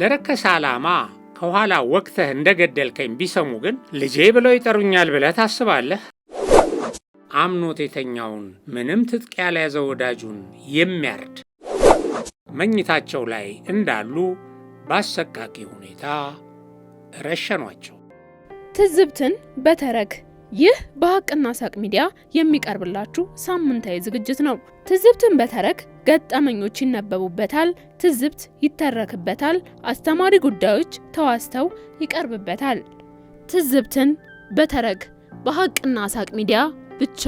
ለረከሰ ዓላማ ከኋላ ወቅተህ እንደገደልከኝ ቢሰሙ ግን ልጄ ብለው ይጠሩኛል ብለህ ታስባለህ? አምኖት የተኛውን ምንም ትጥቅ ያልያዘ ወዳጁን የሚያርድ መኝታቸው ላይ እንዳሉ በአሰቃቂ ሁኔታ ረሸኗቸው። ትዝብትን በተረክ ይህ በሀቅና ሳቅ ሚዲያ የሚቀርብላችሁ ሳምንታዊ ዝግጅት ነው። ትዝብትን በተረክ ገጠመኞች ይነበቡበታል፣ ትዝብት ይተረክበታል፣ አስተማሪ ጉዳዮች ተዋስተው ይቀርብበታል። ትዝብትን በተረክ በሀቅና ሳቅ ሚዲያ ብቻ።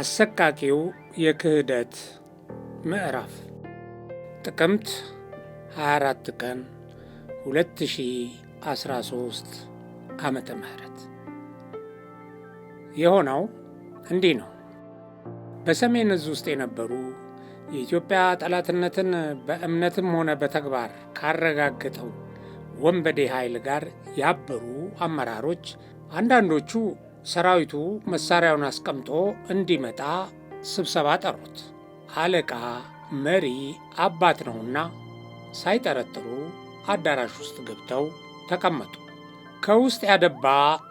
አሰቃቂው የክህደት ምዕራፍ ጥቅምት 24 ቀን 2013 ዓመተ ምህረት የሆነው እንዲህ ነው። በሰሜን እዝ ውስጥ የነበሩ የኢትዮጵያ ጠላትነትን በእምነትም ሆነ በተግባር ካረጋገጠው ወንበዴ ኃይል ጋር ያበሩ አመራሮች አንዳንዶቹ ሰራዊቱ መሳሪያውን አስቀምጦ እንዲመጣ ስብሰባ ጠሩት። አለቃ መሪ አባት ነውና ሳይጠረጥሩ አዳራሽ ውስጥ ገብተው ተቀመጡ። ከውስጥ ያደባ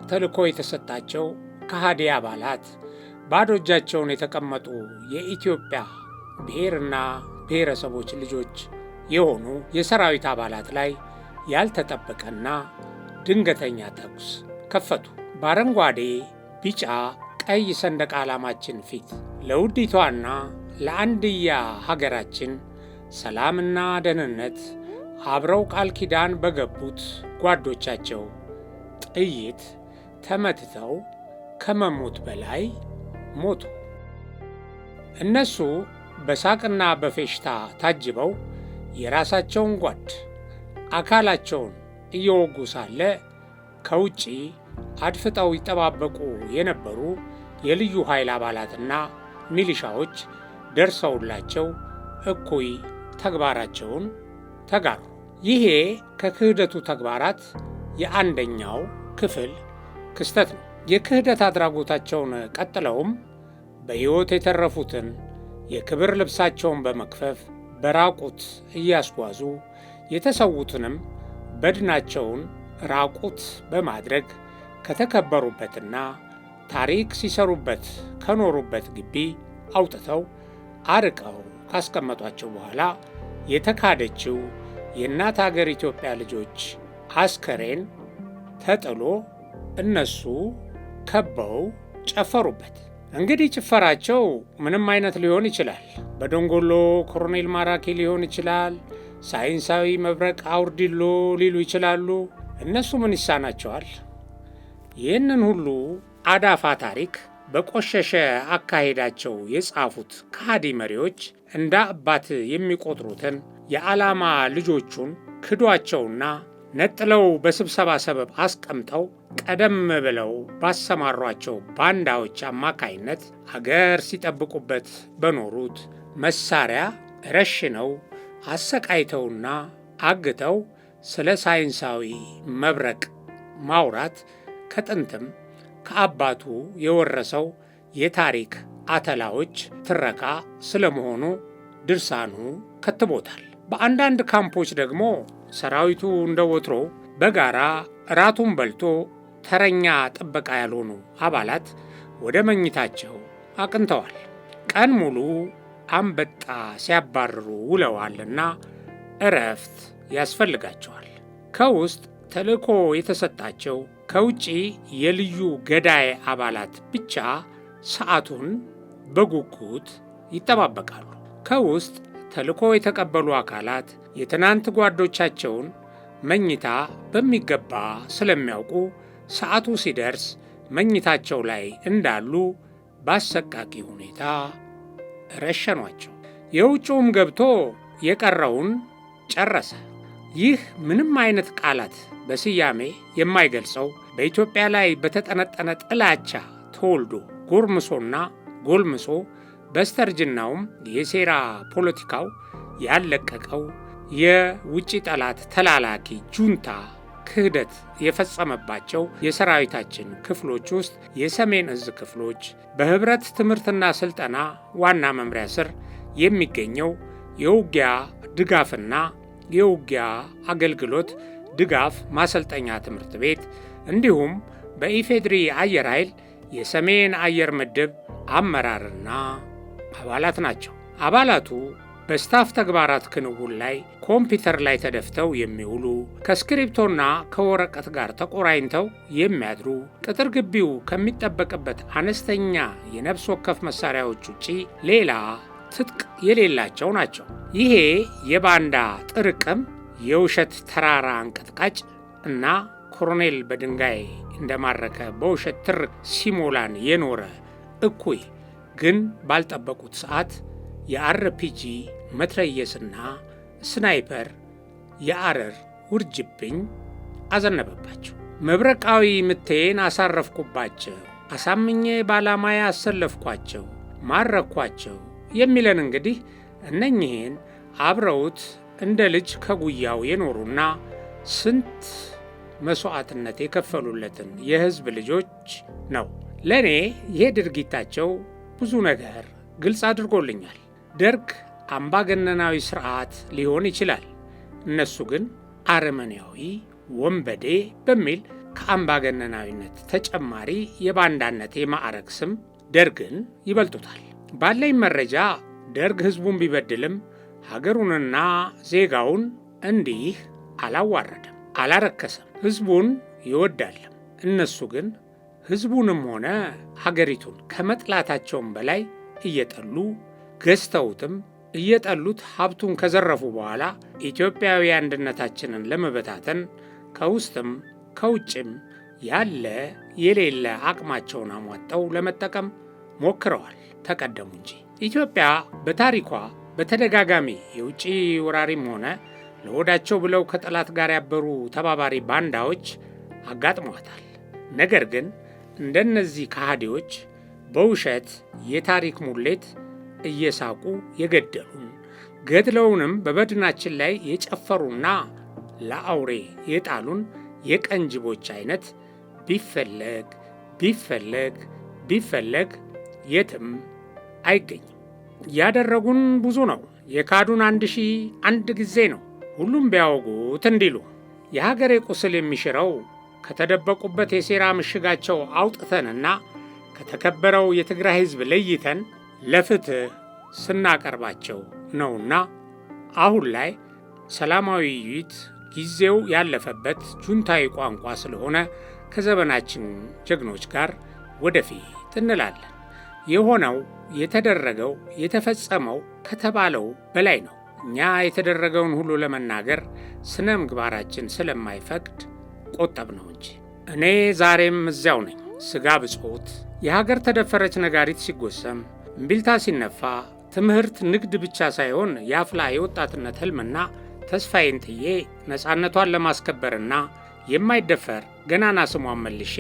ተልዕኮ የተሰጣቸው ከሃዲ አባላት ባዶ እጃቸውን የተቀመጡ የኢትዮጵያ ብሔርና ብሔረሰቦች ልጆች የሆኑ የሰራዊት አባላት ላይ ያልተጠበቀና ድንገተኛ ተኩስ ከፈቱ። በአረንጓዴ፣ ቢጫ፣ ቀይ ሰንደቅ ዓላማችን ፊት ለውዲቷና ለአንድያ ሀገራችን ሰላምና ደህንነት አብረው ቃል ኪዳን በገቡት ጓዶቻቸው ጥይት ተመትተው ከመሞት በላይ ሞቱ። እነሱ በሳቅና በፌሽታ ታጅበው የራሳቸውን ጓድ አካላቸውን እየወጉ ሳለ ከውጪ አድፍጠው ይጠባበቁ የነበሩ የልዩ ኃይል አባላትና ሚሊሻዎች ደርሰውላቸው እኩይ ተግባራቸውን ተጋሩ። ይሄ ከክህደቱ ተግባራት የአንደኛው ክፍል ክስተት ነው። የክህደት አድራጎታቸውን ቀጥለውም በሕይወት የተረፉትን የክብር ልብሳቸውን በመክፈፍ በራቁት እያስጓዙ የተሰዉትንም በድናቸውን ራቁት በማድረግ ከተከበሩበትና ታሪክ ሲሰሩበት ከኖሩበት ግቢ አውጥተው አርቀው ካስቀመጧቸው በኋላ የተካደችው የእናት አገር ኢትዮጵያ ልጆች አስከሬን ተጥሎ እነሱ ከበው ጨፈሩበት። እንግዲህ ጭፈራቸው ምንም አይነት ሊሆን ይችላል። በደንጎሎ ኮሎኔል ማራኪ ሊሆን ይችላል። ሳይንሳዊ መብረቅ አውርዲሎ ሊሉ ይችላሉ። እነሱ ምን ይሳናቸዋል? ይህንን ሁሉ አዳፋ ታሪክ በቆሸሸ አካሄዳቸው የጻፉት ከሃዲ መሪዎች እንደ አባት የሚቆጥሩትን የዓላማ ልጆቹን ክዷቸውና ነጥለው በስብሰባ ሰበብ አስቀምጠው ቀደም ብለው ባሰማሯቸው ባንዳዎች አማካይነት አገር ሲጠብቁበት በኖሩት መሳሪያ ረሽነው አሰቃይተውና አግተው ስለ ሳይንሳዊ መብረቅ ማውራት ከጥንትም ከአባቱ የወረሰው የታሪክ አተላዎች ትረካ ስለመሆኑ ድርሳኑ ከትቦታል። በአንዳንድ ካምፖች ደግሞ ሰራዊቱ እንደ ወትሮ በጋራ እራቱን በልቶ ተረኛ ጥበቃ ያልሆኑ አባላት ወደ መኝታቸው አቅንተዋል። ቀን ሙሉ አንበጣ ሲያባርሩ ውለዋልና እረፍት ያስፈልጋቸዋል። ከውስጥ ተልእኮ የተሰጣቸው ከውጪ የልዩ ገዳይ አባላት ብቻ ሰዓቱን በጉጉት ይጠባበቃሉ። ከውስጥ ተልእኮ የተቀበሉ አካላት የትናንት ጓዶቻቸውን መኝታ በሚገባ ስለሚያውቁ ሰዓቱ ሲደርስ መኝታቸው ላይ እንዳሉ በአሰቃቂ ሁኔታ ረሸኗቸው። የውጭውም ገብቶ የቀረውን ጨረሰ። ይህ ምንም አይነት ቃላት በስያሜ የማይገልጸው በኢትዮጵያ ላይ በተጠነጠነ ጥላቻ ተወልዶ ጎርምሶና ጎልምሶ በስተርጅናውም የሴራ ፖለቲካው ያለቀቀው የውጭ ጠላት ተላላኪ ጁንታ ክህደት የፈጸመባቸው የሰራዊታችን ክፍሎች ውስጥ የሰሜን እዝ ክፍሎች በህብረት ትምህርትና ስልጠና ዋና መምሪያ ስር የሚገኘው የውጊያ ድጋፍና የውጊያ አገልግሎት ድጋፍ ማሰልጠኛ ትምህርት ቤት እንዲሁም በኢፌድሪ አየር ኃይል የሰሜን አየር ምድብ አመራርና አባላት ናቸው። አባላቱ በስታፍ ተግባራት ክንውን ላይ ኮምፒውተር ላይ ተደፍተው የሚውሉ ከስክሪፕቶና ከወረቀት ጋር ተቆራኝተው የሚያድሩ ቅጥር ግቢው ከሚጠበቅበት አነስተኛ የነፍስ ወከፍ መሳሪያዎች ውጪ ሌላ ትጥቅ የሌላቸው ናቸው። ይሄ የባንዳ ጥርቅም የውሸት ተራራ አንቀጥቃጭ እና ኮሎኔል በድንጋይ እንደማረከ በውሸት ትርክ ሲሞላን የኖረ እኩይ ግን ባልጠበቁት ሰዓት የአርፒጂ መትረየስና ስናይፐር የአረር ውርጅብኝ አዘነበባቸው። መብረቃዊ ምቴን አሳረፍኩባቸው፣ አሳምኜ ባላማዬ አሰለፍኳቸው፣ ማረኳቸው የሚለን እንግዲህ እነኚህን አብረውት እንደ ልጅ ከጉያው የኖሩና ስንት መሥዋዕትነት የከፈሉለትን የሕዝብ ልጆች ነው። ለእኔ ይሄ ድርጊታቸው ብዙ ነገር ግልጽ አድርጎልኛል። ደርግ አምባገነናዊ ስርዓት ሊሆን ይችላል፣ እነሱ ግን አረመኔያዊ ወንበዴ በሚል ከአምባገነናዊነት ተጨማሪ የባንዳነት የማዕረግ ስም ደርግን ይበልጡታል። ባለኝ መረጃ ደርግ ሕዝቡን ቢበድልም ሀገሩንና ዜጋውን እንዲህ አላዋረደም፣ አላረከሰም። ሕዝቡን ይወዳለም። እነሱ ግን ሕዝቡንም ሆነ ሀገሪቱን ከመጥላታቸውም በላይ እየጠሉ ገዝተውትም እየጠሉት ሀብቱን ከዘረፉ በኋላ ኢትዮጵያዊ አንድነታችንን ለመበታተን ከውስጥም ከውጭም ያለ የሌለ አቅማቸውን አሟጠው ለመጠቀም ሞክረዋል፣ ተቀደሙ እንጂ። ኢትዮጵያ በታሪኳ በተደጋጋሚ የውጭ ወራሪም ሆነ ለወዳቸው ብለው ከጠላት ጋር ያበሩ ተባባሪ ባንዳዎች አጋጥመዋታል። ነገር ግን እንደነዚህ ከሃዲዎች በውሸት የታሪክ ሙሌት እየሳቁ የገደሉን ገድለውንም በበድናችን ላይ የጨፈሩና ለአውሬ የጣሉን የቀንጅቦች አይነት ቢፈለግ ቢፈለግ ቢፈለግ የትም አይገኝም። ያደረጉን ብዙ ነው። የካዱን አንድ ሺህ አንድ ጊዜ ነው። ሁሉም ቢያወጉት እንዲሉ የሀገሬ ቁስል የሚሽረው ከተደበቁበት የሴራ ምሽጋቸው አውጥተንና ከተከበረው የትግራይ ሕዝብ ለይተን ለፍትህ ስናቀርባቸው ነውና አሁን ላይ ሰላማዊ ውይይት ጊዜው ያለፈበት ጁንታዊ ቋንቋ ስለሆነ ከዘመናችን ጀግኖች ጋር ወደፊት እንላለን። የሆነው የተደረገው የተፈጸመው ከተባለው በላይ ነው። እኛ የተደረገውን ሁሉ ለመናገር ስነ ምግባራችን ስለማይፈቅድ ቆጠብ ነው እንጂ እኔ ዛሬም እዚያው ነኝ። ስጋ ብጾት የሀገር ተደፈረች ነጋሪት ሲጎሰም እምቢልታ ሲነፋ ትምህርት፣ ንግድ ብቻ ሳይሆን የአፍላ የወጣትነት ህልምና ተስፋዬን ጥዬ ነፃነቷን ለማስከበርና የማይደፈር ገናና ስሟን መልሼ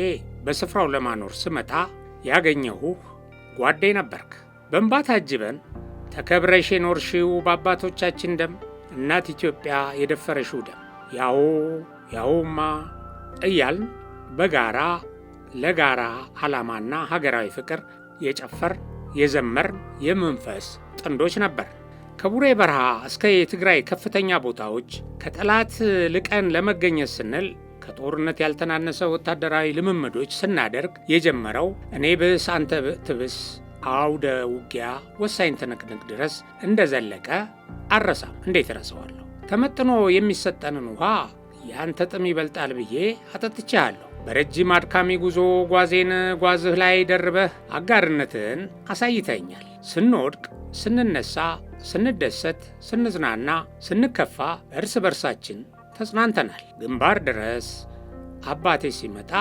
በስፍራው ለማኖር ስመጣ ያገኘሁህ ጓዴ ነበርክ። በእንባ ታጅበን ተከብረሽ የኖርሽው በአባቶቻችን ደም፣ እናት ኢትዮጵያ የደፈረሽው ደም፣ ያው ያውማ እያልን በጋራ ለጋራ ዓላማና ሀገራዊ ፍቅር የጨፈር የዘመር የመንፈስ ጥንዶች ነበር። ከቡሬ በረሃ እስከ የትግራይ ከፍተኛ ቦታዎች ከጠላት ልቀን ለመገኘት ስንል ከጦርነት ያልተናነሰ ወታደራዊ ልምምዶች ስናደርግ የጀመረው እኔ ብስ አንተ ትብስ አውደ ውጊያ ወሳኝ ትንቅንቅ ድረስ እንደዘለቀ አረሳም። እንዴት እረሳዋለሁ? ተመጥኖ የሚሰጠንን ውሃ የአንተ ጥም ይበልጣል ብዬ አጠጥቼሃለሁ። በረጅም አድካሚ ጉዞ ጓዜን ጓዝህ ላይ ደርበህ አጋርነትን አሳይተኛል። ስንወድቅ፣ ስንነሳ፣ ስንደሰት፣ ስንዝናና፣ ስንከፋ እርስ በርሳችን ተጽናንተናል። ግንባር ድረስ አባቴ ሲመጣ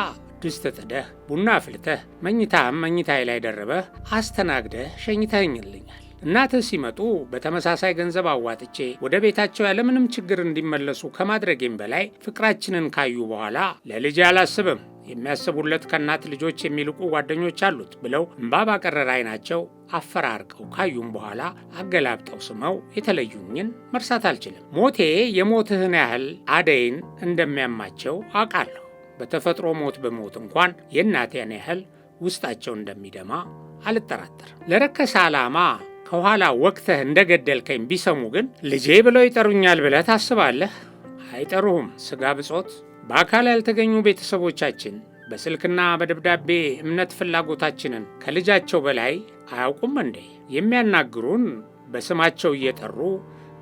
ድስት ጥደህ ቡና አፍልተህ መኝታህም መኝታዬ ላይ ደርበህ አስተናግደህ ሸኝተኸኝልኛል። እናትህ ሲመጡ በተመሳሳይ ገንዘብ አዋጥቼ ወደ ቤታቸው ያለምንም ችግር እንዲመለሱ ከማድረጌም በላይ ፍቅራችንን ካዩ በኋላ ለልጅ አላስብም የሚያስቡለት ከእናት ልጆች የሚልቁ ጓደኞች አሉት ብለው እምባ ባቀረረ አይናቸው አፈራርቀው ካዩም በኋላ አገላብጠው ስመው የተለዩኝን መርሳት አልችልም። ሞቴ የሞትህን ያህል አደይን እንደሚያማቸው አውቃለሁ። በተፈጥሮ ሞት በሞት እንኳን የእናቴን ያህል ውስጣቸው እንደሚደማ አልጠራጠርም። ለረከሰ ዓላማ ከኋላ ወቅተህ እንደገደልከኝ ቢሰሙ ግን ልጄ ብለው ይጠሩኛል ብለህ ታስባለህ? አይጠሩህም። ስጋ ብጾት በአካል ያልተገኙ ቤተሰቦቻችን በስልክና በደብዳቤ እምነት ፍላጎታችንን ከልጃቸው በላይ አያውቁም እንዴ? የሚያናግሩን በስማቸው እየጠሩ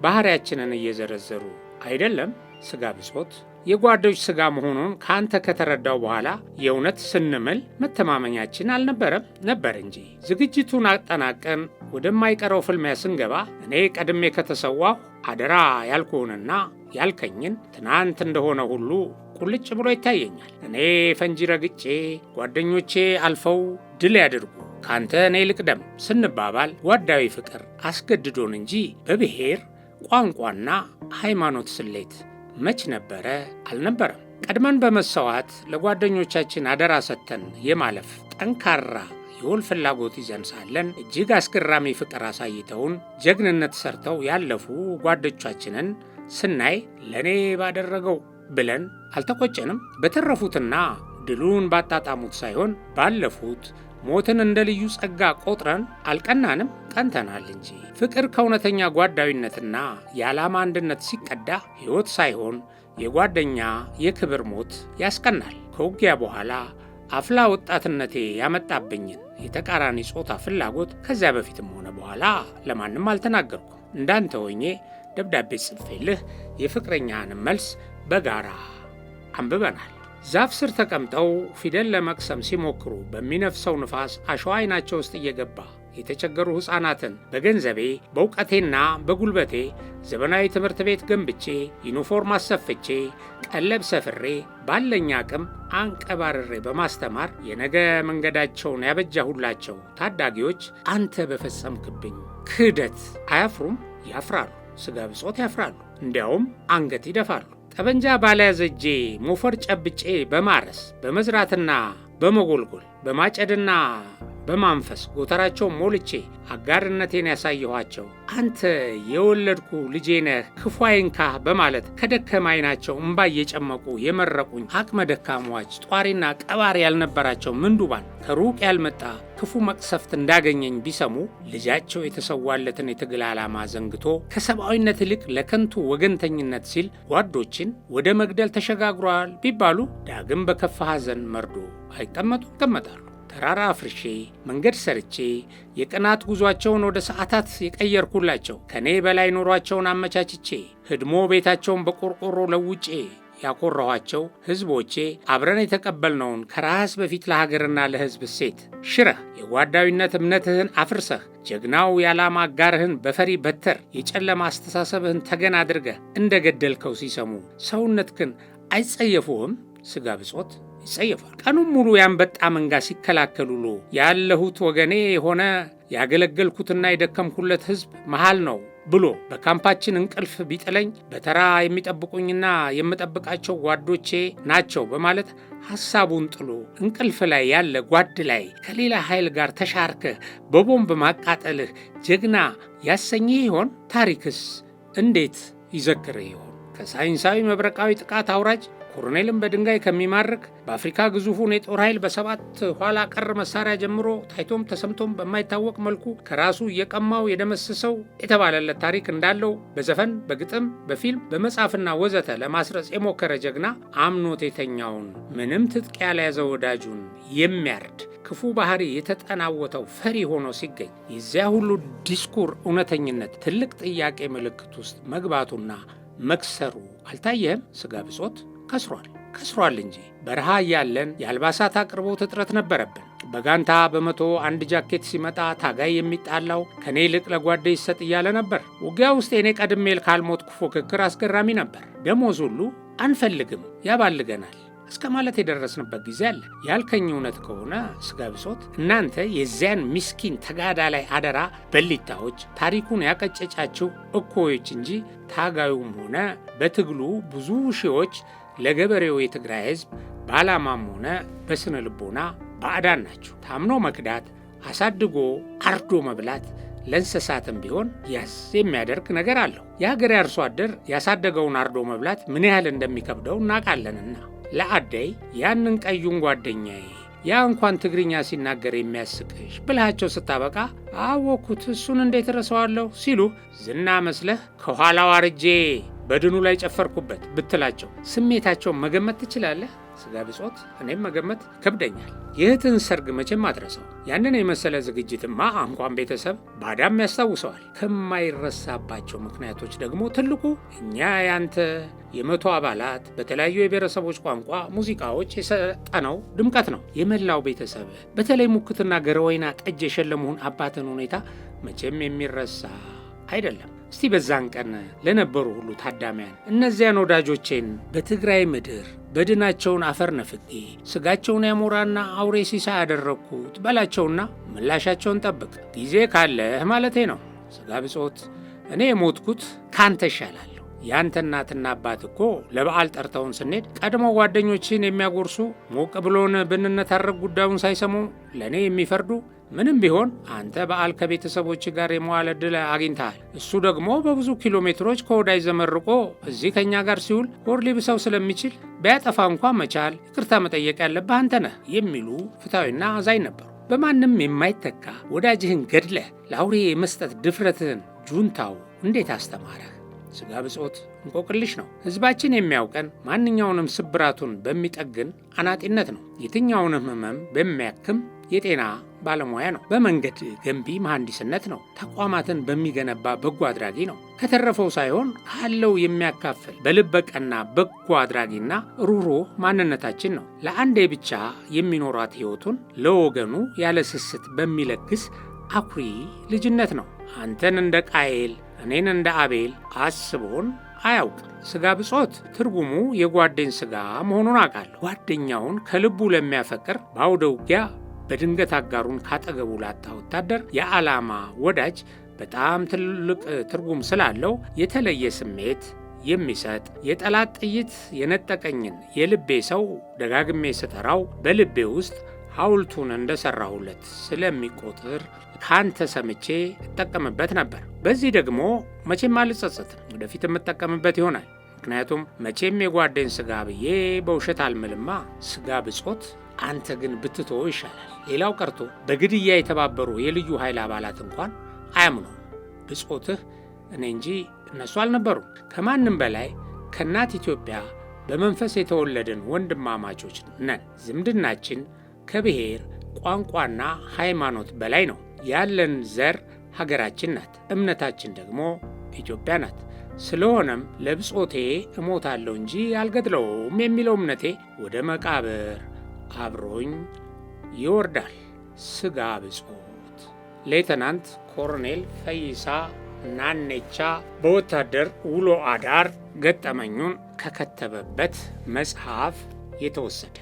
ባህሪያችንን እየዘረዘሩ አይደለም? ስጋ ብጾት የጓዶች ሥጋ መሆኑን ከአንተ ከተረዳው በኋላ የእውነት ስንምል መተማመኛችን አልነበረም ነበር እንጂ። ዝግጅቱን አጠናቀን ወደማይቀረው ፍልሚያ ስንገባ እኔ ቀድሜ ከተሰዋሁ አደራ ያልኩህንና ያልከኝን ትናንት እንደሆነ ሁሉ ቁልጭ ብሎ ይታየኛል። እኔ ፈንጂ ረግጬ ጓደኞቼ አልፈው ድል ያድርጉ ካንተ እኔ ልቅደም ስንባባል ጓዳዊ ፍቅር አስገድዶን እንጂ በብሔር ቋንቋና ሃይማኖት ስሌት መች ነበረ አልነበረም። ቀድመን በመሰዋት ለጓደኞቻችን አደራ ሰጥተን የማለፍ ጠንካራ የውል ፍላጎት ይዘን ሳለን እጅግ አስገራሚ ፍቅር አሳይተውን ጀግንነት ሰርተው ያለፉ ጓዶቻችንን ስናይ ለእኔ ባደረገው ብለን አልተቆጨንም። በተረፉትና ድሉን ባጣጣሙት ሳይሆን ባለፉት ሞትን እንደ ልዩ ጸጋ ቆጥረን አልቀናንም፣ ቀንተናል እንጂ። ፍቅር ከእውነተኛ ጓዳዊነትና የዓላማ አንድነት ሲቀዳ ሕይወት ሳይሆን የጓደኛ የክብር ሞት ያስቀናል። ከውጊያ በኋላ አፍላ ወጣትነቴ ያመጣብኝን የተቃራኒ ጾታ ፍላጎት ከዚያ በፊትም ሆነ በኋላ ለማንም አልተናገርኩም። እንዳንተ ሆኜ ደብዳቤ ጽፌልህ የፍቅረኛህንም መልስ በጋራ አንብበናል። ዛፍ ስር ተቀምጠው ፊደል ለመቅሰም ሲሞክሩ በሚነፍሰው ንፋስ አሸዋ አይናቸው ውስጥ እየገባ የተቸገሩ ሕፃናትን በገንዘቤ በእውቀቴና በጉልበቴ ዘመናዊ ትምህርት ቤት ገንብቼ ዩኒፎርም አሰፍቼ ቀለብ ሰፍሬ ባለኝ አቅም አንቀባርሬ በማስተማር የነገ መንገዳቸውን ያበጃሁላቸው ታዳጊዎች አንተ በፈጸምክብኝ ክህደት አያፍሩም? ያፍራሉ። ሥጋ ብጾት ያፍራሉ። እንዲያውም አንገት ይደፋሉ። ጠበንጃ ባልያዘ እጄ ሞፈር ጨብጬ በማረስ በመዝራትና በመጎልጎል በማጨድና በማንፈስ ጎተራቸው ሞልቼ አጋርነቴን ያሳየኋቸው አንተ የወለድኩ ልጄ ነህ ክፉ አይንካህ በማለት ከደከማ አይናቸው እምባ እየጨመቁ የመረቁኝ አቅመ ደካሟች ጧሪና ቀባሪ ያልነበራቸው ምንዱባን ከሩቅ ያልመጣ ክፉ መቅሰፍት እንዳገኘኝ ቢሰሙ ልጃቸው የተሰዋለትን የትግል ዓላማ ዘንግቶ ከሰብአዊነት ይልቅ ለከንቱ ወገንተኝነት ሲል ጓዶችን ወደ መግደል ተሸጋግሯል ቢባሉ ዳግም በከፋ ሐዘን መርዶ አይቀመጡ ይቀመጣሉ። ተራራ አፍርሼ መንገድ ሰርቼ የቀናት ጉዟቸውን ወደ ሰዓታት የቀየርኩላቸው ከእኔ በላይ ኑሯቸውን አመቻችቼ ህድሞ ቤታቸውን በቆርቆሮ ለውጬ ያኮራኋቸው ህዝቦቼ አብረን የተቀበልነውን ከራስ በፊት ለሀገርና ለህዝብ ሴት ሽረህ የጓዳዊነት እምነትህን አፍርሰህ ጀግናው የዓላማ አጋርህን በፈሪ በትር የጨለማ አስተሳሰብህን ተገን አድርገህ እንደ ገደልከው ሲሰሙ ሰውነትህን አይጸየፉህም? ሥጋ ብጾት ይጸየፋል። ቀኑን ሙሉ የአንበጣ መንጋ ሲከላከል ውሎ ያለሁት ወገኔ የሆነ ያገለገልኩትና የደከምኩለት ሕዝብ መሃል ነው ብሎ በካምፓችን እንቅልፍ ቢጥለኝ በተራ የሚጠብቁኝና የምጠብቃቸው ጓዶቼ ናቸው በማለት ሐሳቡን ጥሎ እንቅልፍ ላይ ያለ ጓድ ላይ ከሌላ ኃይል ጋር ተሻርከህ በቦምብ ማቃጠልህ ጀግና ያሰኘ ይሆን? ታሪክስ እንዴት ይዘክርህ ይሆን? ከሳይንሳዊ መብረቃዊ ጥቃት አውራጅ ኮሮኔልም በድንጋይ ከሚማርክ በአፍሪካ ግዙፉን የጦር ኃይል በሰባት ኋላ ቀር መሳሪያ ጀምሮ ታይቶም ተሰምቶም በማይታወቅ መልኩ ከራሱ እየቀማው የደመሰሰው የተባለለት ታሪክ እንዳለው በዘፈን፣ በግጥም፣ በፊልም፣ በመጽሐፍና ወዘተ ለማስረጽ የሞከረ ጀግና አምኖት የተኛውን ምንም ትጥቅ ያለያዘ ወዳጁን የሚያርድ ክፉ ባህሪ የተጠናወተው ፈሪ ሆኖ ሲገኝ የዚያ ሁሉ ዲስኩር እውነተኝነት ትልቅ ጥያቄ ምልክት ውስጥ መግባቱና መክሰሩ አልታየህም? ስጋ ብጾት ከስሯል ከስሯል እንጂ በረሃ እያለን የአልባሳት አቅርቦት እጥረት ነበረብን። በጋንታ በመቶ አንድ ጃኬት ሲመጣ ታጋይ የሚጣላው ከኔ ይልቅ ለጓደ ይሰጥ እያለ ነበር። ውጊያ ውስጥ የኔ ቀድሜል ካልሞትኩ ፉክክር አስገራሚ ነበር። ደሞዝ ሁሉ አንፈልግም ያባልገናል እስከ ማለት የደረስንበት ጊዜ አለ። ያልከኝ እውነት ከሆነ ስጋ ብሶት እናንተ የዚያን ሚስኪን ተጋዳ ላይ አደራ በሊታዎች ታሪኩን ያቀጨጫችሁ እኮዎች እንጂ ታጋዩም ሆነ በትግሉ ብዙ ሺዎች ለገበሬው የትግራይ ህዝብ በዓላማም ሆነ በስነ ልቦና ባዕዳን ናቸው። ታምኖ መክዳት፣ አሳድጎ አርዶ መብላት ለእንስሳትም ቢሆን ያስ የሚያደርግ ነገር አለው። የሀገሬ አርሶ አደር ያሳደገውን አርዶ መብላት ምን ያህል እንደሚከብደው እናውቃለንና ለአደይ ያንን ቀዩን ጓደኛዬ ያ እንኳን ትግርኛ ሲናገር የሚያስቅሽ ብልሃቸው ስታበቃ አወኩት እሱን እንዴት ረሰዋለሁ ሲሉ ዝና መስለህ ከኋላው አርጄ በድኑ ላይ ጨፈርኩበት ብትላቸው ስሜታቸውን መገመት ትችላለህ? ስጋ ብጾት እኔም መገመት ከብደኛል። የእህትን ሰርግ መቼም አትረሰው ያንን የመሰለ ዝግጅትማ እንኳን ቤተሰብ ባዳም ያስታውሰዋል። ከማይረሳባቸው ምክንያቶች ደግሞ ትልቁ እኛ ያንተ የመቶ አባላት በተለያዩ የብሔረሰቦች ቋንቋ ሙዚቃዎች የሰጠነው ድምቀት ነው። የመላው ቤተሰብ በተለይ ሙክትና ገረወይና ጠጅ የሸለመውን አባትን ሁኔታ መቼም የሚረሳ አይደለም። እስቲ በዛን ቀን ለነበሩ ሁሉ ታዳሚያን እነዚያን ወዳጆቼን በትግራይ ምድር በድናቸውን አፈር ነፍጌ ስጋቸውን ያሞራና አውሬ ሲሳ ያደረግኩት በላቸውና ምላሻቸውን ጠብቅ። ጊዜ ካለህ ማለቴ ነው። ስጋ ብጾት እኔ የሞትኩት ካንተ ይሻላለሁ። ያንተ እናትና አባት እኮ ለበዓል ጠርተውን ስንሄድ ቀድሞ ጓደኞችን የሚያጎርሱ ሞቅ ብሎን ብንነታረግ ጉዳዩን ሳይሰሙ ለእኔ የሚፈርዱ ምንም ቢሆን አንተ በዓል ከቤተሰቦች ጋር የመዋል ዕድል አግኝተሃል። እሱ ደግሞ በብዙ ኪሎ ሜትሮች ከወዳጅ ዘመርቆ ርቆ እዚህ ከእኛ ጋር ሲውል ወር ሊብሰው ስለሚችል ቢያጠፋ እንኳ መቻል ይቅርታ መጠየቅ ያለብህ አንተ ነህ የሚሉ ፍትሐዊና አዛኝ ነበሩ። በማንም የማይተካ ወዳጅህን ገድለህ ለአውሬ የመስጠት ድፍረትህን ጁንታው እንዴት አስተማረህ? ሥጋ ብጾት እንቆቅልሽ ነው። ሕዝባችን የሚያውቀን ማንኛውንም ስብራቱን በሚጠግን አናጢነት ነው። የትኛውንም ህመም በሚያክም የጤና ባለሙያ ነው። በመንገድ ገንቢ መሐንዲስነት ነው። ተቋማትን በሚገነባ በጎ አድራጊ ነው። ከተረፈው ሳይሆን ካለው የሚያካፍል በልበቀና በጎ አድራጊና ሩህሩህ ማንነታችን ነው። ለአንዴ ብቻ የሚኖራት ሕይወቱን ለወገኑ ያለ ስስት በሚለግስ አኩሪ ልጅነት ነው። አንተን እንደ ቃየል እኔን እንደ አቤል አስቦን አያውቅም። ስጋ ብጾት ትርጉሙ የጓደኝ ስጋ መሆኑን አውቃለሁ። ጓደኛውን ከልቡ ለሚያፈቅር በአውደ ውጊያ በድንገት አጋሩን ካጠገቡ ላጣ ወታደር የዓላማ ወዳጅ በጣም ትልቅ ትርጉም ስላለው የተለየ ስሜት የሚሰጥ የጠላት ጥይት የነጠቀኝን የልቤ ሰው ደጋግሜ ስጠራው በልቤ ውስጥ ሐውልቱን እንደሠራሁለት ስለሚቆጥር ካንተ ሰምቼ እጠቀምበት ነበር። በዚህ ደግሞ መቼም አልጸጸትም፣ ወደፊት የምጠቀምበት ይሆናል። ምክንያቱም መቼም የጓደኝ ሥጋ ብዬ በውሸት አልምልማ። ሥጋ ብጾት አንተ ግን ብትቶ ይሻላል። ሌላው ቀርቶ በግድያ የተባበሩ የልዩ ኃይል አባላት እንኳን አያምኑም። ብጾትህ እኔ እንጂ እነሱ አልነበሩም። ከማንም በላይ ከእናት ኢትዮጵያ በመንፈስ የተወለድን ወንድማማቾች ነን። ዝምድናችን ከብሔር ቋንቋና ሃይማኖት በላይ ነው። ያለን ዘር ሀገራችን ናት፣ እምነታችን ደግሞ ኢትዮጵያ ናት። ስለሆነም ለብጾቴ እሞታለሁ እንጂ አልገድለውም የሚለው እምነቴ ወደ መቃብር አብሮኝ ይወርዳል ስጋ ብጾት ሌተናንት ኮሎኔል ፈይሳ ናኔቻ በወታደር ውሎ አዳር ገጠመኙን ከከተበበት መጽሐፍ የተወሰደ።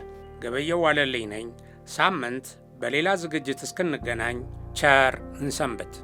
ገበየው ዋለልኝ ነኝ። ሳምንት በሌላ ዝግጅት እስክንገናኝ ቸር እንሰንበት።